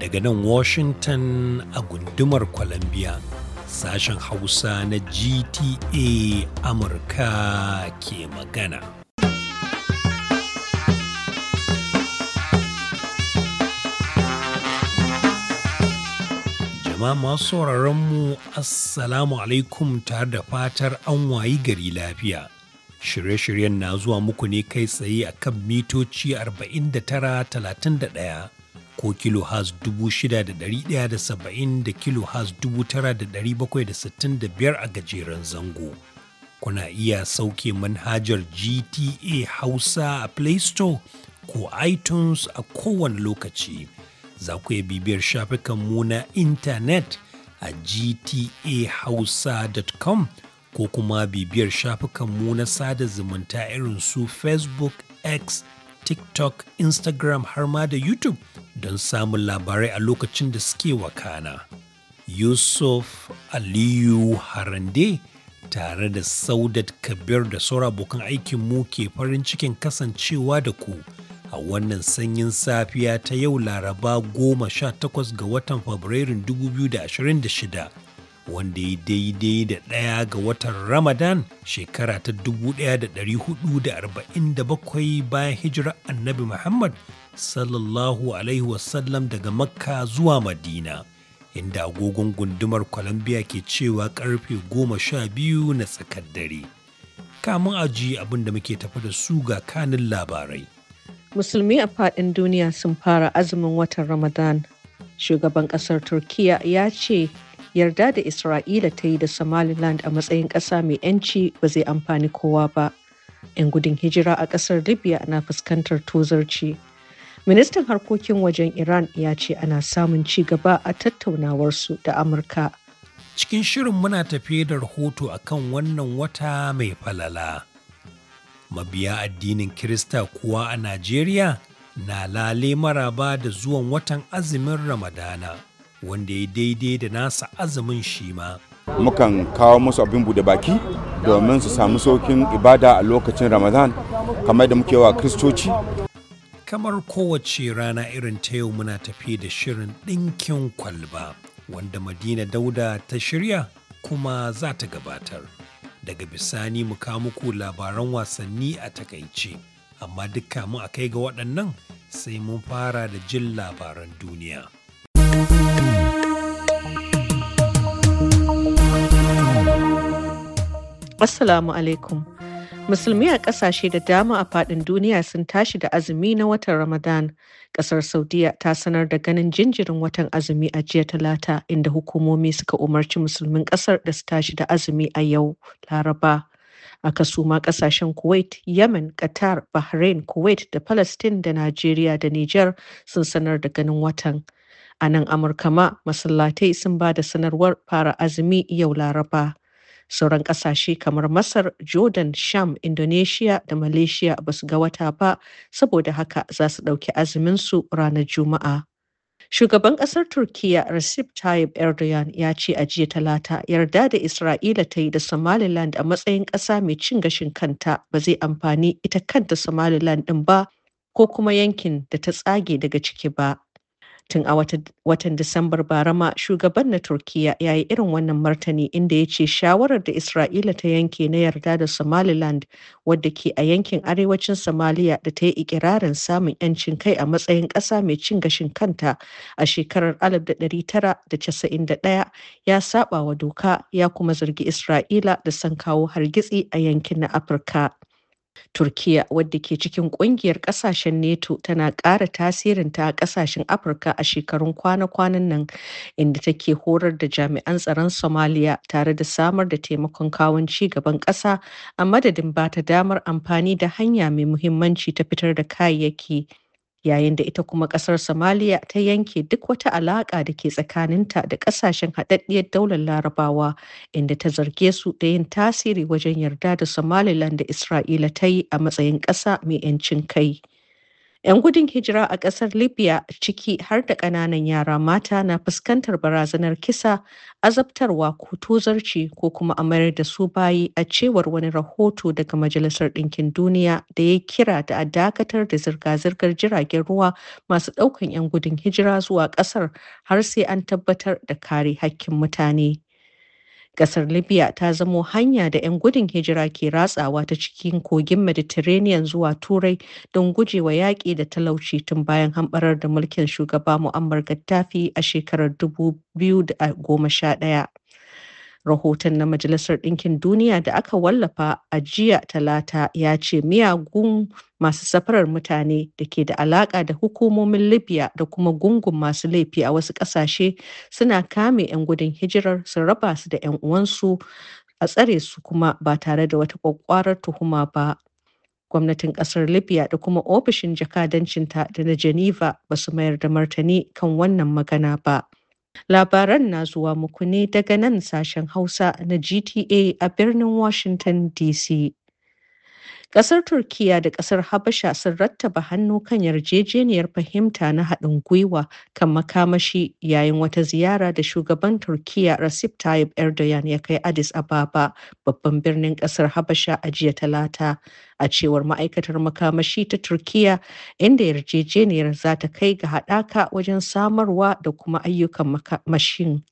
Daga nan Washington a gundumar Columbia, sashen Hausa na GTA Amurka ke magana. jama'a masu mu assalamu alaikum tare da fatar an wayi gari lafiya Shirye-shiryen na zuwa muku ne kai tsaye a kan mitoci 49-31 ko kilohaz 6,170 da kilohaz 9,765 a gajeren zango. Kuna iya sauke manhajar GTA Hausa a Play Store ko iTunes a kowane lokaci. Za ku iya bibiyar shafukanmu na intanet a gtahausa.com ko kuma bibiyar shafukanmu na sada zumunta irin su Facebook, X, TikTok, Instagram har ma da YouTube don samun labarai a lokacin da suke wakana. Yusuf Aliyu Harande tare da Saudat Kabir da sauran abokan aikinmu ke farin cikin kasancewa da ku a wannan sanyin safiya ta yau Laraba goma sha takwas ga watan Fabrairun 2026. wanda ya daidai da ɗaya ga watan Ramadan shekara ta 1447 bayan hijira annabi Muhammad sallallahu Alaihi wasallam daga Makka zuwa Madina. Inda agogon gundumar Colombia ke cewa karfe goma sha biyu na tsakar dare. Kamun aji abin da muke tafi da su ga kanin labarai. Musulmi a faɗin duniya sun fara azumin watan Ramadan. Shugaban ƙasar Turkiya ya ce yarda da Isra'ila ta yi da Somaliland a matsayin ƙasa mai 'yanci ba zai amfani kowa ba. 'Yan gudun hijira a ƙasar Libya na fuskantar tozarci. Ministan harkokin wajen Iran ya ce ana samun ci gaba a tattaunawarsu da Amurka. Cikin shirin muna tafe da rahoto a kan wannan wata mai falala. Mabiya addinin Kirista kuwa a Najeriya na lale maraba da zuwan watan azumin Ramadana. wanda ya daidai da nasa azumin shi ma. Mukan kawo musu abin bude baki domin su samu saukin ibada a lokacin Ramadan kamar da muke wa kristoci. Kamar kowace rana irin ta yau muna tafi da shirin ɗinkin kwalba wanda Madina Dauda ta shirya kuma za ta gabatar. Daga bisani mu muku labaran wasanni a takaice, amma dukka mu a kai ga waɗannan sai mun fara da jin labaran duniya. Assalamu alaikum. Musulmi a ƙasashe da dama a faɗin duniya sun tashi da azumi na watan Ramadan. Ƙasar Saudiya ta sanar da ganin jinjirin watan azumi a jiya talata inda hukumomi suka umarci musulmin ƙasar da su tashi da azumi a yau Laraba. A ma ƙasashen Kuwait, Yemen, Qatar, Bahrain, Kuwait da Palestine da Najeriya da Nijar sun sanar da ganin watan. A nan Amurka ma masallatai sun ba da sanarwar fara azumi yau Laraba. sauran kasashe kamar masar jordan sham indonesia da malaysia ba su ga wata ba saboda haka za su ɗauki azuminsu ranar juma'a Shugaban ƙasar turkiya Recep Tayyip Erdogan ya ce a jiya talata yarda da Isra'ila ta yi da Somaliland a matsayin ƙasa mai cin gashin kanta ba zai amfani ita kanta Somaliland ɗin ba ko kuma yankin da ta tsage daga ciki ba. tun a watan disambar bara ma shugaban na turkiyya ya yi irin wannan martani inda ya ce shawarar da isra'ila ta yanke na yarda da somaliland wadda ke a yankin arewacin somaliya da ta yi ikirarin samun 'yancin kai a matsayin ƙasa mai cin gashin kanta a shekarar 1991 ya saba wa doka ya kuma zargi isra'ila da son kawo hargitsi a yankin na afirka Turkiya wadda ke cikin kungiyar kasashen NATO tana ƙara tasirinta a ƙasashen Afirka a shekarun kwana-kwanan nan inda take horar da jami'an tsaron Somalia tare da samar da taimakon kawon ci gaban ƙasa a madadin ba ta damar amfani da hanya mai muhimmanci ta fitar da kayayyaki. yayin da ita kuma kasar Somalia ta yanke duk wata alaƙa da ke tsakaninta da ƙasashen haɗaɗɗiyar daular larabawa inda ta zarge su da yin tasiri wajen yarda da Somaliland da Isra'ila ta yi a matsayin ƙasa mai 'yancin kai. 'Yan gudun hijira a ƙasar Libya ciki har da ƙananan yara mata na fuskantar barazanar kisa, azabtarwa ko tozarci ko kuma a mayar da su bayi a cewar wani rahoto daga Majalisar Ɗinkin Duniya da ya kira da a dakatar da zirga-zirgar jiragen ruwa masu ɗaukan 'yan gudun hijira zuwa ƙasar har sai an tabbatar da kare hakkin mutane. Ƙasar Libya ta zamo hanya da 'yan gudun hijira ke ratsawa ta cikin kogin Mediterranean zuwa Turai don gujewa yaƙi da talauci tun bayan hambarar da mulkin shugaba Muammar Gaddafi a shekarar 2011. Rahoton na Majalisar Ɗinkin Duniya da aka wallafa a jiya talata ya ce miyagun masu safarar mutane da ke da alaƙa da hukumomin Libya da kuma gungun masu laifi a wasu ƙasashe suna kame 'yan gudun hijirar su raba su da 'yan uwansu a tsare su kuma ba tare da wata ƙwaƙƙwarar tuhuma ba. Gwamnatin ƙasar Libya da kuma ofishin jakadancinta da na Geneva ba su mayar da martani kan wannan magana ba. Labaran na zuwa muku ne daga nan sashen Hausa na GTA a birnin Washington DC. Ƙasar turkiya da ƙasar Habasha sun rattaba hannu kan yarjejeniyar fahimta na haɗin gwiwa kan makamashi yayin wata ziyara da shugaban turkiya Recep Tayyip Erdogan ya kai Addis Ababa babban birnin ƙasar Habasha a jiya Talata. a cewar ma'aikatar makamashi ta turkiya inda yarjejeniyar za ta kai ga haɗaka wajen samarwa da kuma ayyukan makamashin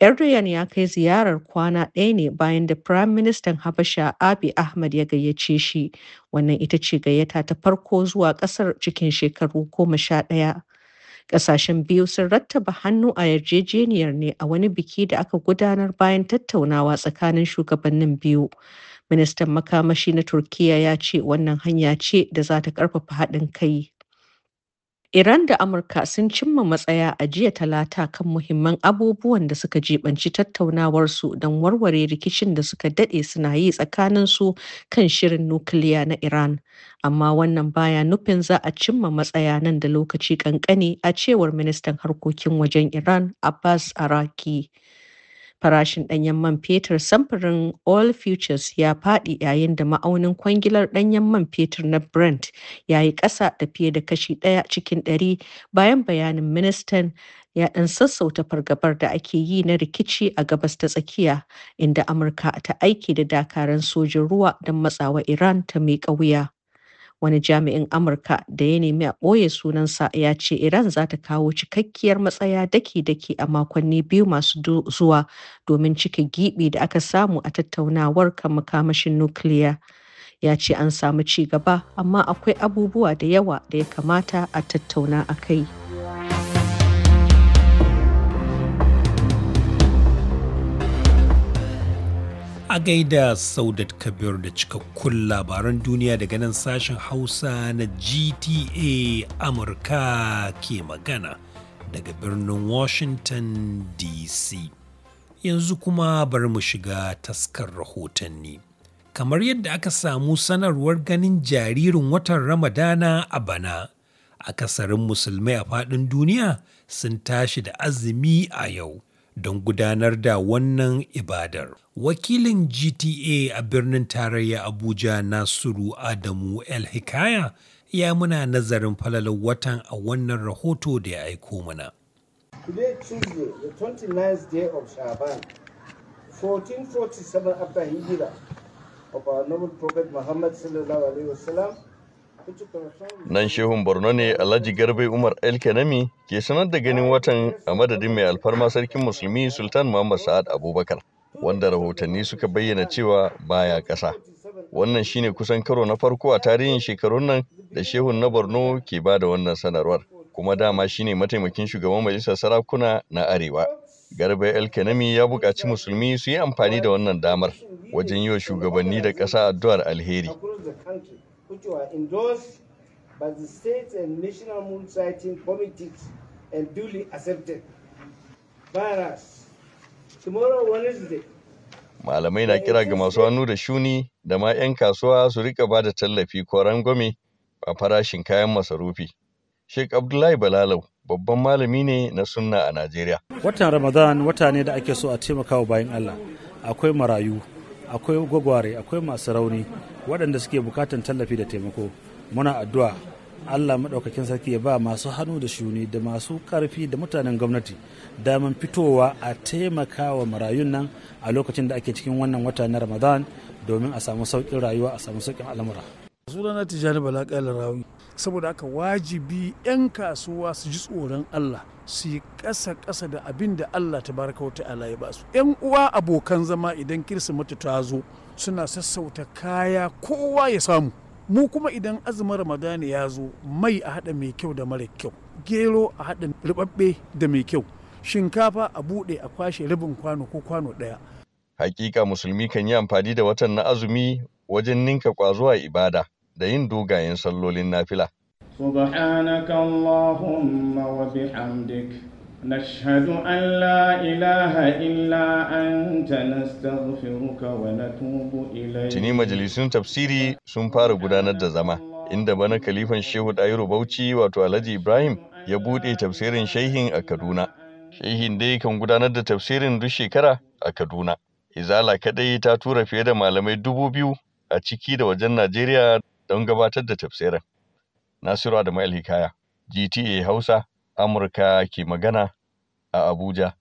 Erdogan ya kai ziyarar kwana ɗaya ne bayan da Firayim Ministan Habasha Abiy Ahmad ya gayyace shi. Wannan ita ce gayyata ta farko zuwa ƙasar cikin shekaru goma sha ɗaya. Ƙasashen biyu sun rattaba hannu a yarjejeniyar ne a wani biki da aka gudanar bayan tattaunawa tsakanin shugabannin biyu. Ministan makamashi na Turkiyya ya ce wannan hanya ce da za ta ƙarfafa haɗin kai. Iran da Amurka sun cimma matsaya a jiya talata kan muhimman abubuwan da suka jibanci tattaunawarsu don warware rikicin da suka daɗe suna yi tsakaninsu kan shirin nukiliya na Iran. Amma wannan baya nufin za a cimma matsaya nan da lokaci ƙanƙani a cewar ministan harkokin wajen Iran Abbas Araki. Farashin ɗanyen man fetur samfurin Oil Futures ya faɗi yayin da ma'aunin kwangilar ɗanyen man fetur na Brent ya yi ƙasa da fiye da kashi ɗaya cikin ɗari bayan bayanin ministan ya ɗan sassauta fargabar da ake yi na rikici a gabas ta tsakiya inda Amurka ta aiki da dakaran sojin ruwa don matsawa Iran ta miƙa wuya. wani jami'in amurka da ya nemi a ɓoye sunansa ya ce iran za ta kawo cikakkiyar matsaya daki-daki a makonni biyu masu zuwa domin cike giɓi da aka samu a tattaunawar kan makamashin nukiliya ya ce an samu ci gaba amma akwai abubuwa da yawa da ya kamata a tattauna a kai. A gaida Saudat Kabir da cikakkun labaran duniya daga nan sashen Hausa na GTA Amurka ke magana daga birnin Washington DC. Yanzu kuma bari mu shiga taskar rahotanni. Kamar yadda aka samu sanarwar ganin jaririn watan Ramadana a bana, akasarin musulmai a faɗin duniya sun tashi da azumi a yau. don gudanar da wannan ibadar. Wakilin GTA a birnin tarayya Abuja Nasiru Adamu El Hikaya ya muna nazarin falalar watan a wannan rahoto da ya aiko mana. Today, Tuesday, the 29th day of Shaban, 1447 after Hijira of our noble Prophet Muhammad sallallahu alaihi wasallam, Nan shehun Borno ne Alhaji Garbai Umar Kenami ke sanar da ganin watan a madadin mai alfarma sarkin musulmi Sultan Muhammad Sa'ad Abubakar, wanda rahotanni suka bayyana cewa baya ƙasa. Wannan shine kusan karo na farko a tarihin shekarun nan da shehun na Borno ke ba da wannan sanarwar, kuma dama shine mataimakin shugaban majalisar sarakuna na Arewa. Garbai Kenami ya buƙaci musulmi su yi amfani da wannan damar wajen yi wa shugabanni da ƙasa addu'ar alheri. which were endorsed by the state and national moon sighting committees and duly accepted. us. tomorrow Wednesday, Malamai na kira ga masu hannu da shuni da ma 'yan kasuwa su rika ba da tallafi ko rangwame a farashin kayan masarufi. Sheikh Abdullahi Balalau babban malami ne na sunna a Najeriya. Watan Ramadan wata ne da ake so a taimaka wa bayan Allah. Akwai marayu, akwai gwagware akwai masu rauni waɗanda suke bukatan tallafi da taimako muna addu'a allah maɗaukakin sarki ya ba masu hannu da shuni da masu ƙarfi da mutanen gwamnati daman fitowa a taimaka wa marayun nan a lokacin da ake cikin wannan wata na ramadan domin a samu sauƙin rayuwa a samu sauƙin al'amura sunana tijjani bala rawi saboda haka wajibi 'yan kasuwa su ji tsoron allah su yi ƙasa ƙasa da abin da allah ta baraka wata ala ya basu 'yan uwa abokan zama idan kirsimeti ta zo suna sassauta kaya kowa ya samu mu kuma idan azumin ramadani ya zo mai a haɗa mai kyau da mara kyau gero a haɗa ribabbe da mai kyau shinkafa a buɗe a kwashe rabin kwano ko kwano ɗaya hakika musulmi kan yi amfani da watan na azumi wajen ninka kwazo a ibada da yin dogayen sallolin nafila. Subhanaka Allahumma wa bihamdik nashhadu an la ilaha illa anta nastaghfiruka wa natubu ilayk. Tini majalisun tafsiri sun fara gudanar da zama inda bana kalifan Shehu Dairo Bauchi wato Alhaji Ibrahim ya buɗe tafsirin shehin a Kaduna. Shehin dai kan gudanar da tafsirin duk shekara a Kaduna. Izala kadai ta tura fiye da malamai dubu biyu a ciki da wajen Najeriya don gabatar da tafsirin. Nasiru Adamu Hikaya, GTA Hausa, Amurka ke magana a Abuja,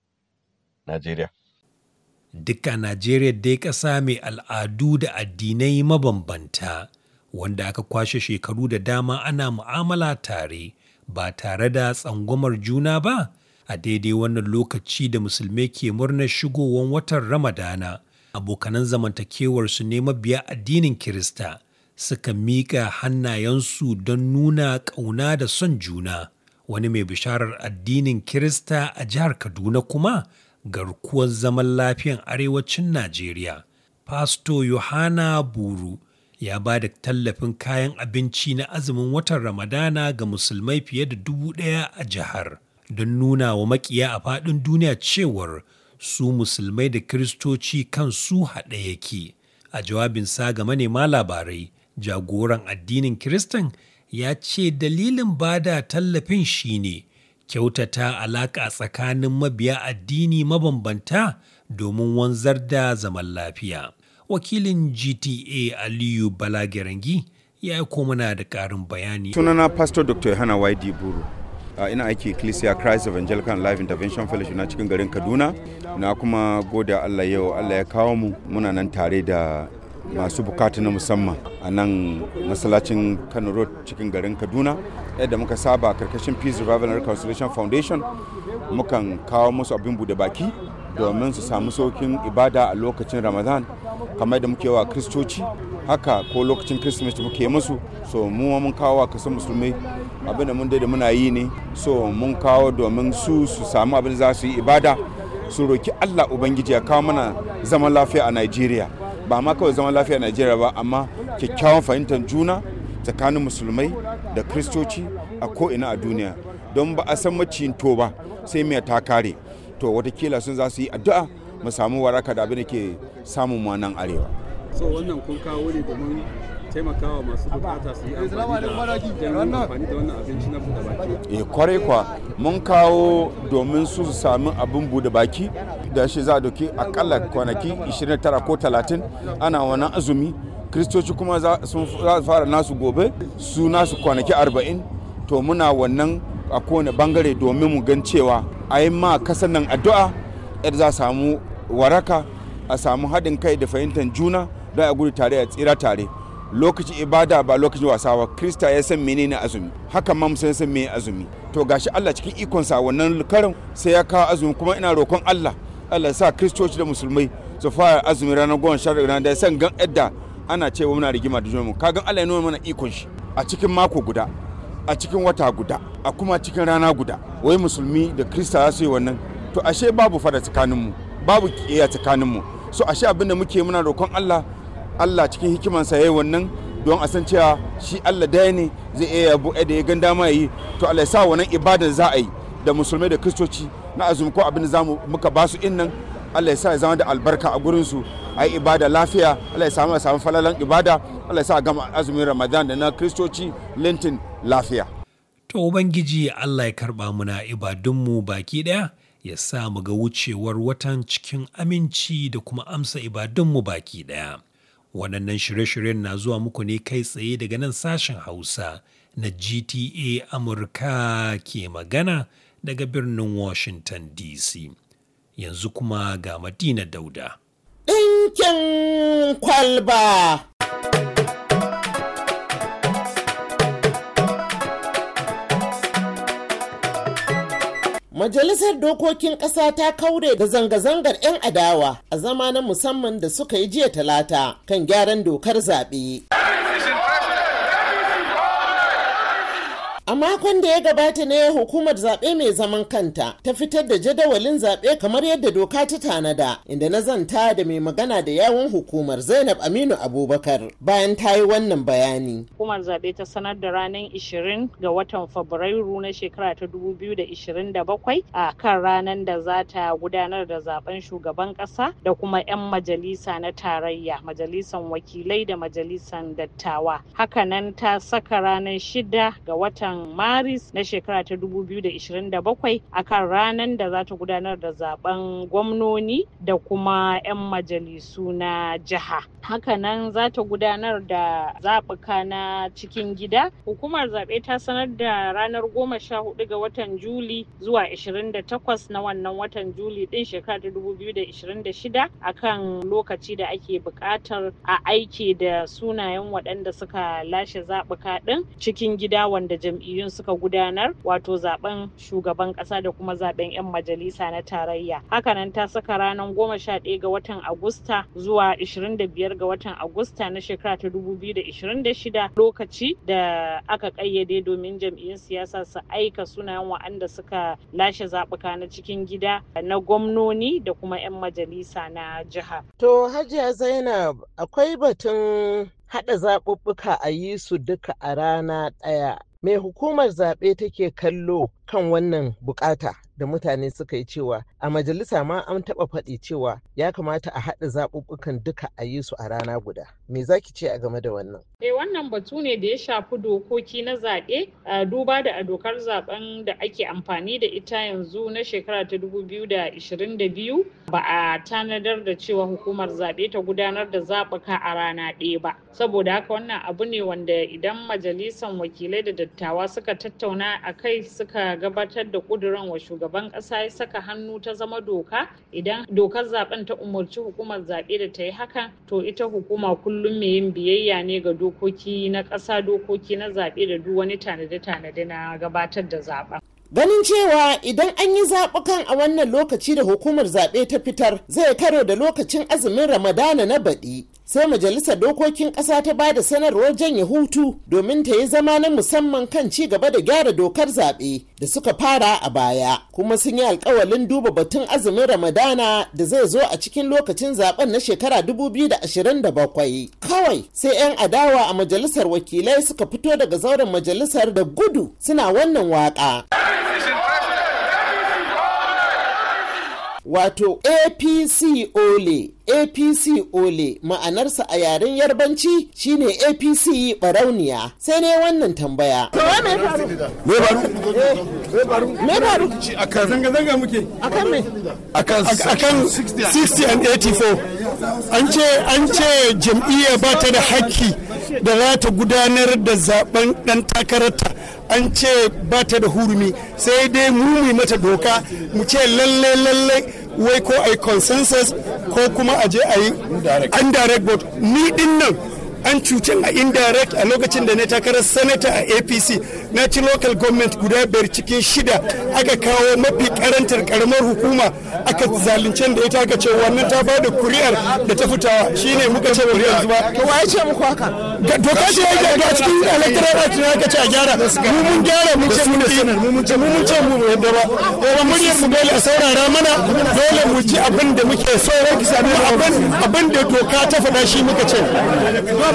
Najeriya. Duka Najeriya dai ƙasa mai al'adu da addinai mabambanta, wanda aka kwashe shekaru da dama ana mu'amala tare ba tare da tsangwamar juna ba, a daidai wannan lokaci da musulmai ke murnar shigowar watan Ramadana, abokanan zamantakewarsu ne mabiya addinin Kirista. suka miƙa hannayensu don nuna ƙauna da son juna wani mai bisharar addinin kirista a jihar kaduna kuma garkuwar zaman lafiyan arewacin najeriya Fasto yohana buru ya ba da tallafin kayan abinci na azumin watan ramadana ga musulmai fiye da dubu ɗaya a jihar don nuna wa makiya a faɗin duniya cewar su musulmai da kiristoci kan su haɗe yake a jawabinsa ga manema labarai jagoran addinin kiristan ya ce dalilin bada tallafin shine kyautata alaƙa tsakanin mabiya addini mabambanta domin wanzar da zaman lafiya wakilin gta aliyu balagirangi ya yi mana da ƙarin bayani sunana pastor dr yohana waidi buru Uh, ina aiki ecclesia christ evangelical life intervention fellowship na cikin garin kaduna na kuma goda allah yau allah ya kawo mu muna nan tare da masu bukatu na musamman a nan masallacin kano road cikin garin kaduna yadda muka saba karkashin peace revival and reconciliation foundation mukan kawo musu abin bude baki domin su samu saukin ibada a lokacin ramadan kamar da muke wa kristoci haka ko lokacin christmas muke musu so mu mun kawo wa kasan musulmai abin da mun da muna yi ne so mun kawo domin su su samu abin za su yi ibada su roki allah ubangiji ya kawo mana zaman lafiya a nigeria ba ma kawai zaman lafiya Najeriya ba amma kyakkyawan fahimtar juna tsakanin musulmai da kristoci a ina a duniya don ba a san maciyin to ba sai miya ta kare to watakila sun za su yi addu'a mu samu waraka da abin da ke samun mu nan arewa so wannan kun kawo ne domin taimakawa masu bukata su yi amfani da amfani da wannan abinci na buɗe baki. Eh kwarai kwa mun kawo domin su su sami abin buɗe baki da shi za a doki akalla kwanaki 29 ko 30 ana wani azumi kristoci kuma za su fara nasu gobe su nasu kwanaki 40 to muna wannan a kowane bangare domin mu gan cewa a yi ma kasan nan addu'a yadda za samu waraka a samu haɗin kai da fahimtar juna don a gudu tare a tsira tare lokacin ibada ba lokacin wasa ba krista ya san menene azumi haka ma musulmi san menene azumi to gashi Allah cikin ikonsa wannan karin sai ya kawo azumi kuma ina roƙon Allah Allah sa kristoci da musulmai su fara azumi ranar goma sha ranar da san gan yadda ana cewa muna rigima da mu ka gan Allah ya nuna mana ikon shi a cikin mako guda a cikin wata guda a kuma cikin rana guda wai musulmi da krista za su yi wannan to ashe babu fada tsakaninmu babu kiyaye tsakaninmu so ashe abin da muke muna roƙon Allah Allah cikin hikimansa ya yi wannan don a san cewa shi Allah daya ne zai iya yabo eh, da ya ganda ma yi to Allah ya sa wannan ibada za a yi da musulmai da kristoci na azumi ko abin za zamu muka ba su innan Allah ya sa ya zama da albarka a gurin su a yi ibada lafiya Allah ya samu samu falalan ibada Allah ya sa gama azumin Ramadan da na kristoci Lintin lafiya to ubangiji Allah ya karba muna ibadunmu baki daya ya sa mu ga wucewar watan cikin aminci da kuma amsa ibadunmu baki daya Waɗannan shirye-shiryen na zuwa muku ne kai tsaye daga nan sashen Hausa na GTA Amurka ke magana daga birnin Washington DC. Yanzu kuma ga Madina Dauda. Ɗinkin kwalba. Majalisar Dokokin Ƙasa ta kaure da zanga-zangar 'yan adawa a zama na musamman da suka yi jiya talata kan gyaran dokar zaɓe. A makon da ya gabata ne hukumar zaɓe mai zaman kanta ta fitar da jadawalin zaɓe kamar yadda doka ta tanada inda na zanta da mai magana da yawon hukumar Zainab Aminu Abubakar bayan ta yi wannan bayani. Hukumar zaɓe ta sanar da ranar 20 ga watan Fabrairu na shekara ta 2027 a kan ranar da za ta gudanar da zaben shugaban ƙasa da kuma 'yan majalisa na tarayya, majalisan wakilai da majalisan dattawa. Hakanan ta saka ranar 6 ga watan maris na shekara ta 2027 akan ranar da za ta gudanar da zaben gwamnoni da kuma 'yan majalisu na jiha hakanan za ta gudanar da zaɓuka na cikin gida hukumar zaɓe ta sanar da ranar 14 ga watan juli zuwa 28 na wannan watan juli ɗin shekara ta 2026 akan lokaci da ake buƙatar a aiki da sunayen waɗanda suka lashe zaɓuka ɗin cikin gida wanda jam'i jam'iyyun suka gudanar wato zaben shugaban kasa da kuma zaben 'yan majalisa na tarayya hakanan ta saka ranar goma sha ɗaya ga watan agusta zuwa da biyar ga watan agusta na shekara ta shida lokaci da aka ƙayyade domin jam'iyyun siyasa su aika sunayen wa'anda suka lashe zaɓuka na cikin gida na gwamnoni da kuma 'yan majalisa na jiha. To Hajiya Zainab akwai batun haɗa zaɓuɓɓuka a yi su duka a rana ɗaya. me hukumar zaɓe take kallo kan wannan bukata da mutane suka yi cewa a majalisa ma an taɓa faɗi cewa ya kamata a haɗa zaɓuɓɓukan duka a yi su a rana guda me za ki ce a game da wannan eh wannan batu ne da ya shafi dokoki na zaɓe a duba da a dokar zaɓen da ake amfani da ita yanzu na shekara ta 2022 ba a tanadar da cewa hukumar zaɓe ta gudanar da zaɓuka a rana ɗaya ba saboda haka wannan abu ne wanda idan majalisan wakilai da dattawa suka tattauna a kai suka gabatar da ƙudurin wa shugaban ƙasa ya saka hannu ta ta zama doka idan dokar zaben ta umarci hukumar zaɓe da ta yi hakan to ita hukuma kullum mai yin biyayya ne ga dokoki na ƙasa dokoki na zaɓe da duk wani tanade-tanade na gabatar da zaɓen. Ganin cewa idan an yi zaɓukan a wannan lokaci da hukumar zaɓe ta fitar zai karo da lokacin azumin Ramadana na baɗi. sai majalisar dokokin ƙasa ta ba da sanarwar janye hutu domin ta yi zama na musamman kan ci gaba da gyara dokar zaɓe da suka fara a baya kuma sun yi alkawalin duba batun azumin ramadana da zai zo a cikin lokacin zaben na shekara 2027 kawai sai 'yan adawa a majalisar wakilai suka fito daga zauren majalisar da gudu suna wannan waka. wato apc ole apc ole ma'anarsa a yaren yarbanci shine apc barauniya sai ne wannan tambaya me faru akan zanga zanga muke akan me akan 60 and 84 an ce an ce jam'iyya ba ta da haƙƙi da za ta gudanar da zaben dan takararta an ce ba ta da hurumi sai dai mu mata doka mu ce lalle lalle wai ko a yi consensus ko kuma a je a yi an direct vote ni din nan an cutin a indirect a lokacin da na takarar sanata a apc na ci local government guda biyar cikin shida aka kawo mafi karantar karamar hukuma aka zalunce da ita aka ce wannan ta bada kuri'ar da ta fitawa shine muka ce kuri'ar zuba to wai ce muku haka doka ce yake ga cikin electoral act ne aka ce a gyara mu mun gyara mu ce mun ce mu mun ce mu mun ce mu yadda ba mun yi mu dole a saurara mana dole mu ji abin da muke so abin da doka ta faɗa shi muka ce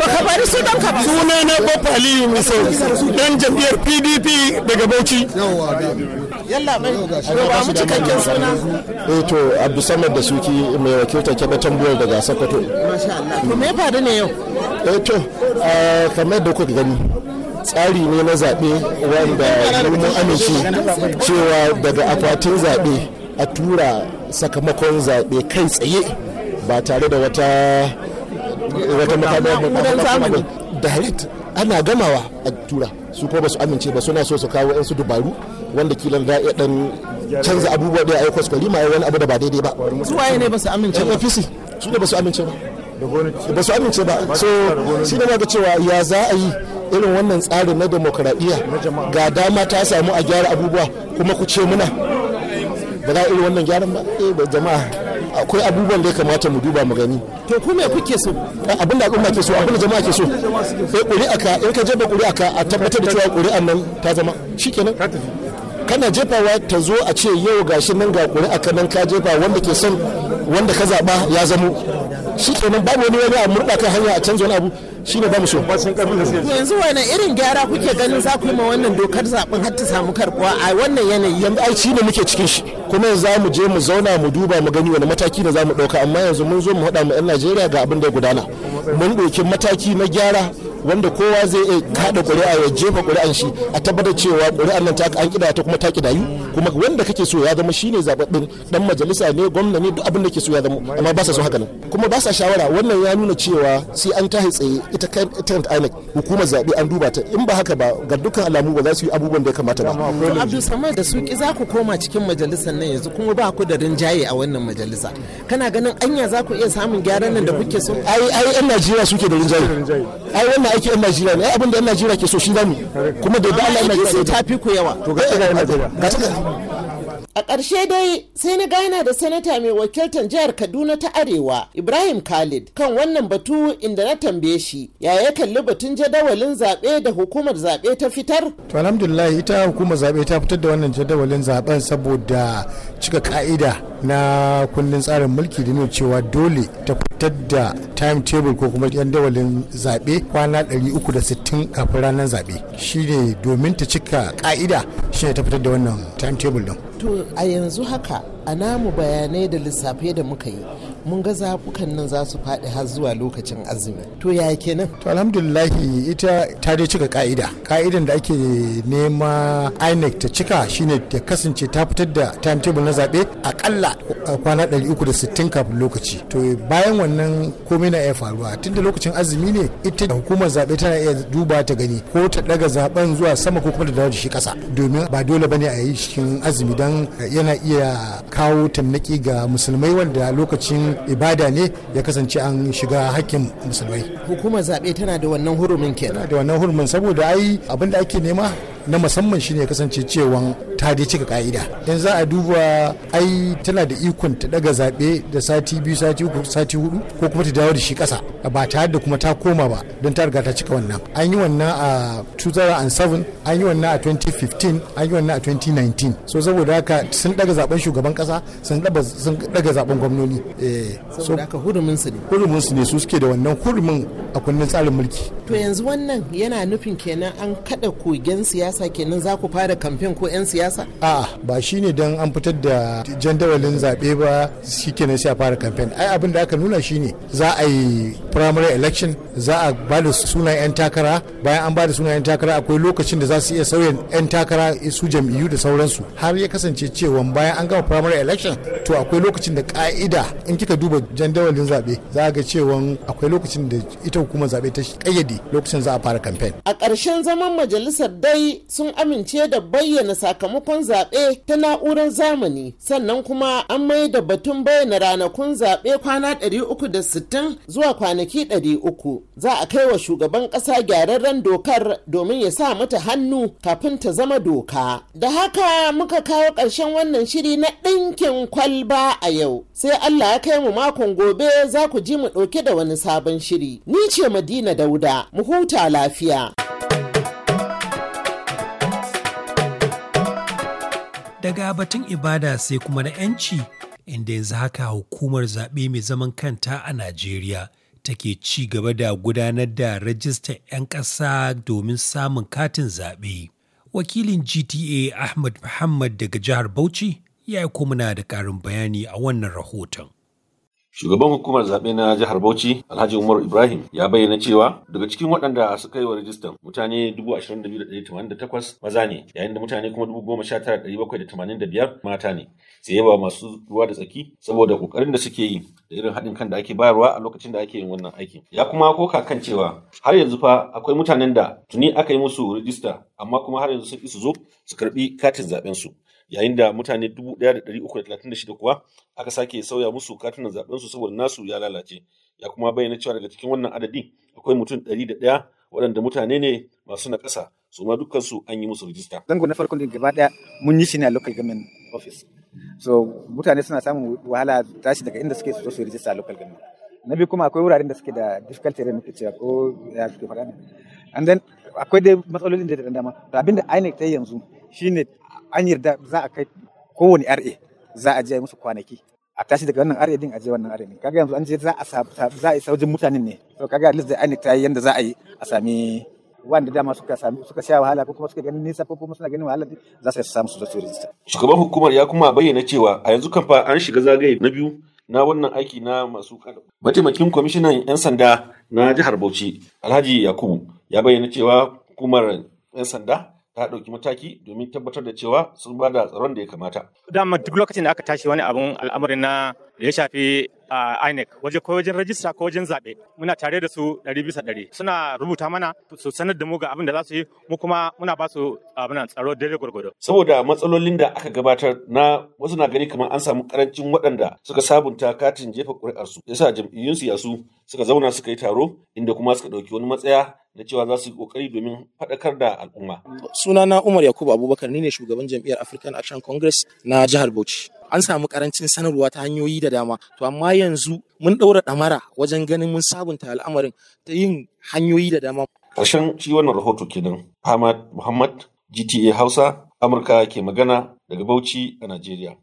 ba ka bari sunan ka ba suna na bafali misau dan jam'iyyar pdp daga bauchi yalla mai ba mu cikakken suna eh to abdusamad da suki mai wakilta kebe tambuwar daga sokoto masha Allah to me faru ne yau eh to kamar da kuka gani tsari ne na zaɓe wanda mun amince cewa daga akwatin zaɓe a tura sakamakon zaɓe kai tsaye ba tare da wata wata makaɗa ana gamawa a tura su ko ba su amince ba suna so su kawo 'yan su dubaru wanda kilan da ya dan canza abubuwa da ya yi su kwalima ya wani abu da ba daidai ba su waye ne ba su amince ba ofisi su ne ba su amince ba ba su amince ba so shi ne ga cewa ya za a yi irin wannan tsarin na demokradiyya ga dama ta samu a gyara abubuwa kuma ku ce muna ba za a irin wannan gyaran ba eh jama'a akwai abubuwan da ya kamata mu duba mu gani to ku me kuke so abin da al'umma ke so abin da jama'a ke so sai eh, ƙuri'a ka in ka jefa ƙuri'a ka a tabbatar da cewa ƙuri'an nan ta zama shikenan kana jefawa ta zo a ce yau gashi nan ga ƙuri'a ka nan ka jefa wanda ke son wanda ka zaɓa ya zamo shi kenan babu wani wani a murɗa kan hanya a canza wani abu shi ne ba mu so yanzu wani irin gyara kuke ganin za ku yi ma wannan dokar zaɓen har ta samu karɓuwa a wannan yanayi yanzu ai shi ne muke cikin shi kuma za mu je mu zauna mu duba mu gani wani mataki da za mu ɗauka amma yanzu mun zo mu haɗa mu 'yan najeriya ga abin da ya gudana mun ɗauki mataki na gyara wanda kowa zai iya kada ƙuri'a ya jefa ƙuri'an shi a tabbatar cewa ƙuri'an nan ta an kida ta kuma ta kidayu kuma wanda kake so ya zama shine zababbin dan majalisa ne gwamna ne duk abin da ke so ya zama amma ba sa so haka nan kuma ba sa shawara wannan ya nuna cewa sai an tahi tsaye ita tent INEC hukumar zabe an duba ta in ba haka ba ga dukkan alamu ba za su yi abubuwan da ya kamata ba to Abdul Samad da su ki za ku koma cikin majalisar nan yanzu kuma ba ku da rinjaye a wannan majalisa kana ganin anya za ku iya samun gyaran nan da kuke so ai ai yan Najeriya suke da rinjaye ai wannan ake yan Najeriya ne abin da yan Najeriya ke so shi zamu kuma da dalilin Najeriya ta fi ku yawa to ga Najeriya eh, ga a ƙarshe dai sai na gana da sanata mai wakiltar jihar kaduna ta arewa ibrahim khalid kan wannan batu inda na tambaye shi ya ya kalli batun jadawalin zaɓe da hukumar zaɓe ta fitar to alhamdulillah ita hukumar zaɓe ta fitar da wannan jadawalin zaɓen saboda cika ka'ida na kundin tsarin mulki da nuna cewa dole ta fitar da timetable ko kuma yan dawalin zaɓe kwana 360 kafin ranar zaɓe shine domin ta cika ka'ida shine ta fitar da wannan timetable din to a yanzu haka a namu bayanai da lissafai da muka yi mun ga zaɓukan nan za su faɗi har zuwa lokacin azumi to ya kenan to alhamdulillahi ita ta dai cika ka'ida ka'idan da ake nema inec ta cika shine ta kasance ta fitar da timetable na zaɓe akalla kwana 360 kafin lokaci to bayan wannan komai na iya faruwa tunda lokacin azumi ne ita hukumar zaɓe tana iya duba ta gani ko ta daga zaben zuwa sama ko kuma da dawo da shi ƙasa domin ba dole bane a yi cikin azumi dan yana iya kawo tannaki ga musulmai wanda lokacin ibada ne ya kasance an shiga hakkin musulmai hukumar zaɓe tana da wannan hurumin kenan da wannan hurumin saboda ai abin da ake nema na musamman shine ya kasance cewa ta dai cika ka'ida in za a duba ai tana da ikon ta daga zaɓe da sati biyu sati uku sati hudu ko kuma ta dawo da shi ƙasa ba tare da kuma ta koma ba don ta riga ta cika wannan an yi wannan a 2007 an yi wannan a 2015 an yi wannan a 2019 so saboda haka sun daga zaben shugaban ƙasa sun daga zaben gwamnoni eh, saboda haka hurumin su ne hurumin su ne su suke da wannan hurumin a kundin tsarin mulki to yanzu wannan yana nufin kenan an kada kogen siyasa kenan za ku fara kamfen ko 'yan siyasa siyasa a ba ne don an fitar da jandawalin zaɓe ba shi ke sai a fara kamfen ai abin da aka nuna shi ne za a yi primary election za a ba da sunayen 'yan takara bayan an ba da sunayen 'yan takara akwai lokacin da za su iya sauya 'yan takara su jam'iyyu da sauransu har ya kasance cewa bayan an gama primary election to akwai lokacin da ka'ida in kika duba jandawalin zaɓe za a ga cewa akwai lokacin da ita hukumar zaɓe ta kayyade lokacin za a fara kamfen a ƙarshen zaman majalisar dai sun amince da bayyana sakamakon sakamakon zaɓe ta na'urar zamani sannan kuma an mai da batun bayyana ranakun zaɓe kwana 360 zuwa kwanaki 300 za a kai wa shugaban ƙasa gyararren dokar domin ya sa mata hannu kafin ta zama doka da haka muka kawo ƙarshen wannan shiri na ɗinkin kwalba a yau sai allah ya kai mu makon gobe za ku ji mu ɗauke da wani sabon shiri ni ce madina dauda mu huta lafiya. daga batun ibada sai kuma na 'yanci inda yanzu haka hukumar zaɓe mai zaman kanta a najeriya take ci gaba da gudanar da rajistar 'yan ƙasa domin samun katin zaɓe wakilin gta ahmad muhammad daga jihar bauchi ya yi muna da ƙarin bayani a wannan rahoton Shugaban hukumar zaɓe na jihar Bauchi, Alhaji Umar Ibrahim, ya bayyana cewa daga cikin waɗanda suka yi wa rajistan mutane 22,188 maza ne, yayin da mutane kuma 19,785 mata ne. Sai yaba masu ruwa da tsaki saboda ƙoƙarin da suke yi da irin haɗin kan da ake bayarwa a lokacin da ake yin wannan aikin. Ya kuma koka kan cewa har yanzu fa akwai mutanen da tuni aka yi musu rajista amma kuma har yanzu sun isa zo su karɓi katin zaɓen su. yayin da mutane 1,336 kuwa aka sake sauya musu katunan zaben su saboda nasu ya lalace ya kuma bayyana cewa daga cikin wannan adadin akwai mutum 101 waɗanda mutane ne masu na ƙasa su ma dukkansu an yi musu rijista. Zango na farkon da gaba ɗaya mun yi shi ne a local government office. So mutane suna samun wahala tashi daga inda suke su su rijista a local government. Na biyu kuma akwai wuraren da suke da difficult terrain muke cewa ko ya suke faɗa ne. And then akwai dai matsalolin da da dama. Abin da INEC ta yi yanzu ne. an yarda za a kai kowane RA za a je musu kwanaki a tashi daga wannan are din a je wannan are din kaga yanzu an je za a sa za a yi saujin mutanen ne to kaga list da ani ta yanda za a yi a sami wanda dama suka sami suka sha wahala ko kuma suka ganin nisa ko kuma suna ganin wahala za su samu su zo rijista shugaban hukumar ya kuma bayyana cewa a yanzu kan fa an shiga zagaye na biyu na wannan aiki na masu kada mataimakin kwamishinan yan sanda na jihar Bauchi Alhaji Yakubu ya bayyana cewa hukumar yan sanda ta ɗauki mataki domin tabbatar da cewa sun bada tsaron da ya kamata. Dama duk lokacin da aka tashi wani abun al'amarin na da ya shafi a INEC waje ko wajen rajista ko wajen zaɓe muna tare da su ɗari bisa ɗari suna rubuta mana su sanar da mu ga abin da za su yi mu kuma muna ba su abin tsaro daidai gwargwado. Saboda matsalolin da aka gabatar na wasu na gani kamar an samu karancin waɗanda suka sabunta katin jefa ƙuri'arsu yasa jam'iyyun siyasu suka zauna suka yi taro inda kuma suka ɗauki wani matsaya da cewa za su yi kokari domin faɗakar da al'umma. Sunana Umar Yakubu Abubakar ni ne shugaban jam'iyyar African Action Congress na jihar Bauchi. an samu karancin sanarwa ta hanyoyi da dama to amma yanzu mun ɗaura ɗamara wajen ganin mun sabunta al'amarin ta yin hanyoyi da dama. Ƙarshen shi wannan rahoto kenan Ahmad Muhammad GTA Hausa Amurka ke magana daga Bauchi a Najeriya.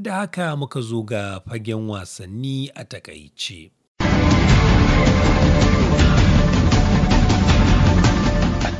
Da haka muka zo ga fagen wasanni a takaice.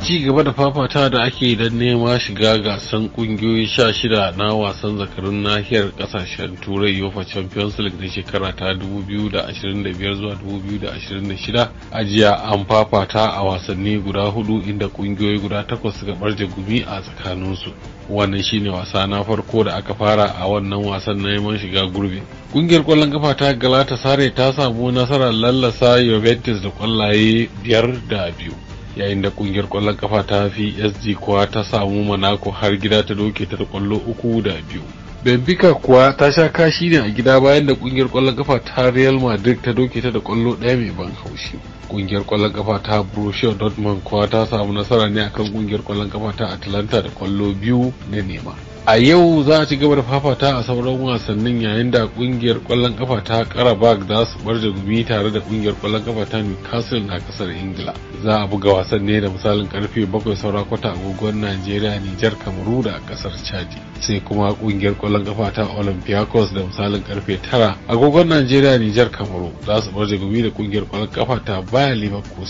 ci gaba da fafata da ake don nema shiga gasan kungiyoyi sha shida na wasan zakarun nahiyar kasashen turai yofa champions league na shekara ta 2025 zuwa 2026 ajiya an fafata a wasanni guda hudu inda kungiyoyi guda takwas suka barje gumi a tsakaninsu wannan shine wasa na farko da aka fara a wannan wasan na neman shiga gurbi kungiyar kwallon kafa ta galata sare ta samu nasarar lallasa juventus da kwallaye biyar da biyu yayin da kungiyar kwallon kafa ta fi sg kuwa ta samu Monaco har gida ta doke ta da kwallo uku da biyu. Benfica kuwa ta sha kashi ne a gida bayan da kungiyar kwallon kafa ta Real Madrid ta doke ta da kwallo ɗaya mai ban haushi. Kungiyar kwallon kafa ta Borussia Dortmund kuwa ta samu nasara ne akan kungiyar kwallon kafa ta Atalanta da kwallo biyu da nema. a yau za a ci gaba da fafata a sauran wasannin yayin da kungiyar kwallon kafa ta karabag za su bar gumi tare da kungiyar kwallon kafa ta newcastle a kasar ingila za a buga wasan ne da misalin karfe bakwai saura kwata agogon najeriya nijar kamaru da kasar chadi sai kuma kungiyar kwallon kafa ta olympiacos da misalin karfe tara agogon najeriya nijar kamaru za su bar gumi da kungiyar kwallon kafa ta bayan Liverpool.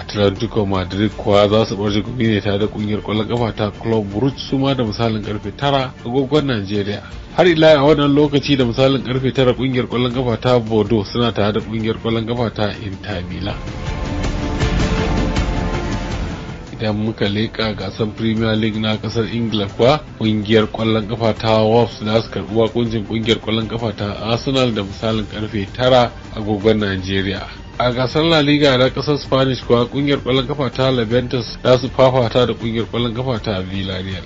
atlantico madrid kuwa za su barje gumi ne tare da kungiyar kwallon kafa ta club brugge su ma da misalin karfe tara agogon najeriya har ila a wannan lokaci da misalin karfe tara kungiyar kwallon kafa ta bordeaux suna tare da kungiyar kwallon kafa ta inter milan idan muka leƙa gasar premier league na kasar ingila kuwa kungiyar kwallon kafa ta wolves na su karɓi wakuncin kungiyar kwallon kafa ta arsenal da misalin karfe tara agogon najeriya a gasar la liga na kasar spanish kuwa kungiyar kwallon kafa ta leventus za su fafata da kungiyar kwallon kafa ta villarreal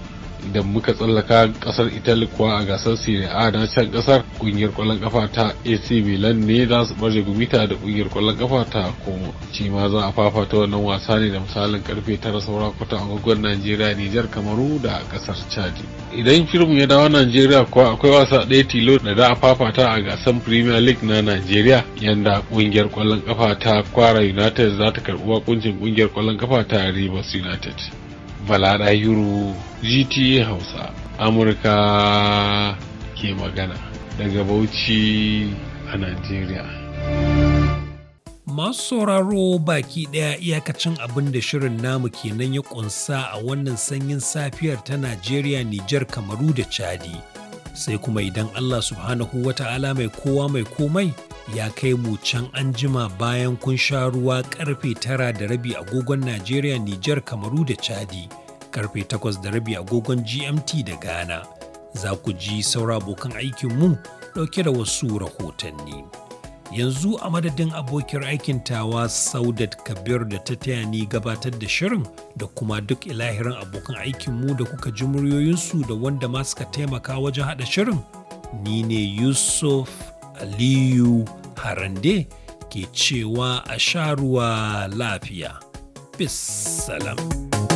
idan muka tsallaka kasar italy kuwa a gasar serie a na can kasar kungiyar kwallon kafa ta ac milan ne za su barje gumita da kungiyar kwallon kafa ta komo shi ma za a fafata wannan wasa ne da misalin karfe tara saura kwata agogon najeriya nijar kamaru da kasar chad idan shirin ya dawo najeriya kuwa akwai wasa ɗaya tilo da za a fafata a gasar premier league na najeriya yanda kungiyar kwallon kafa ta kwara united za ta karbi wakuncin kungiyar kwallon kafa ta rivers united Bala Ɗahiru GTA Hausa Amurka ke magana daga Bauchi a Najeriya. Masu sauraro baki ɗaya iyakacin abin da shirin namu kenan ya ƙunsa a wannan sanyin safiyar ta Najeriya, Nijar, Kamaru da Chadi. sai kuma idan Allah subhanahu wa ta'ala mai kowa mai komai ya kai mu can an jima bayan kun sha ruwa karfe tara da rabi agogon Najeriya, Nijar, Kamaru da Chadi, karfe takwas da rabi agogon GMT da Ghana. Za ku ji saura abokan aikinmu dauke da wasu rahotanni. yanzu a madadin abokin aikin tawa Saudat Kabir da ta taya ni gabatar da shirin da kuma duk ilahirin abokan aikinmu da kuka ji muryoyinsu da wanda ma suka taimaka wajen haɗa shirin. Ni ne Yusuf Aliyu Harande ke cewa a sha ruwa lafiya. Bis salam.